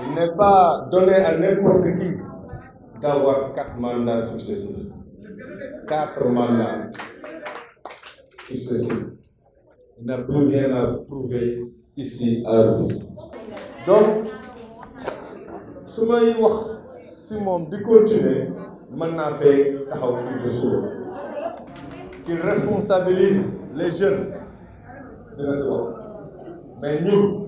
Il n'est pas donné à n'importe qui d'avoir quatre mandats successifs. Quatre mandats successifs. Il n'a plus rien à prouver ici à Russie. Donc, ce si je di continuer mën naa faire taxaw fii de responsabilise les jeunes mais nous...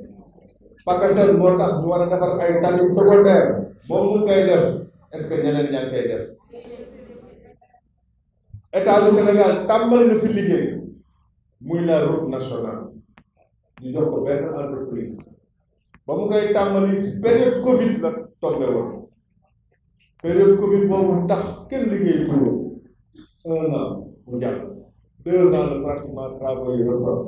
Bakar Sène tax ñu war a defar ay tali secondaire moom mu ngi koy def est que ñeneen ñaa ngi def état Sénégal tàmbali na fi liggéey muy la route nationale ñu jox ko benn entreprise ba mu koy tàmbali si période Covid la tombé woon période Covid boobu tax kenn liggéey pour un an deux ans la pratiquement travaux yi reprendre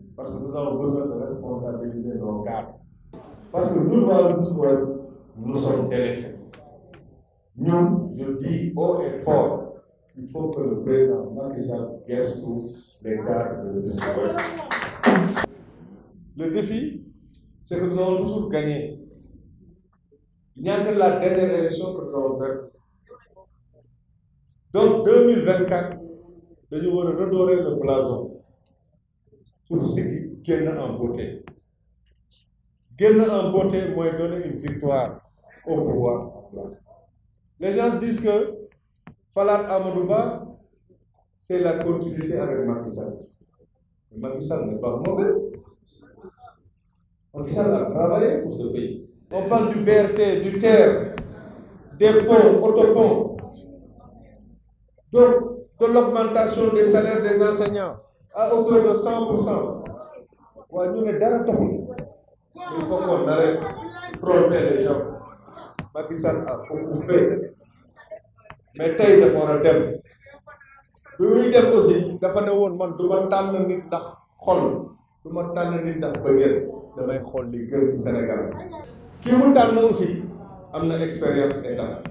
Parce que nous avons besoin de responsabiliser nos cadres. Parce que nous, dans sud-ouest, nous sommes délaissés. Nous, je dis haut et fort, il faut que le président Macky Sall tous les cadres de ouest Le défi, c'est que nous avons toujours gagné. Il n'y a que la dernière élection que nous avons faite. Donc 2024, nous devons redorer le blason pour ce qui gagnent en beauté génn en beauté moi, donner une victoire au pouvoir les gens disent que Falat Amadouba, c'est la continuité avec Macky Sall Macky Sall n'est pas mauvais Macky Sall a travaillé pour ce pays on parle du BRT du terre, des ponts autoponts donc de l'augmentation des salaires des enseignants à de 100%. Ouais, nous ne dara doxul. Il faut qu'on arrête tromper les gens. Macky Sall a beaucoup fait. Mais tey dafa war a dem. bi muy dem aussi dafa ne woon man du ma tànn nit ndax xol du ma tànn nit ndax bëggeel damay xool li gën si Sénégal. Kan. kii mu tànn aussi am na expérience état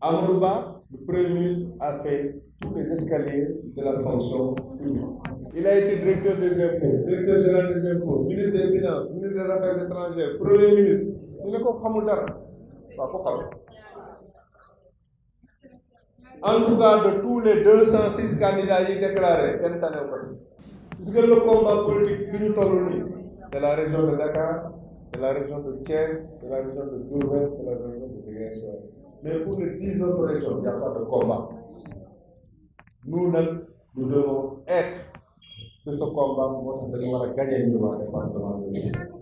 Amadou Ba le Premier ministre a fait tous les escaliers de la fonction publique. Il a été directeur des impôts, directeur général des impôts, ministre des Finances, ministre des Affaires étrangères, Premier ministre. Il ne ko pas Pas en tout cas de tous les 206 candidats y déclarés kenn année au passé. Puisque le combat politique finit au toll C'est la région de Dakar c'est la région de Thiès c'est la région de tourment. c'est la région de Ziguinchor mais pour les dix autres régions il n'y a pas de combat nous nag nous devons être de ce combat moo tax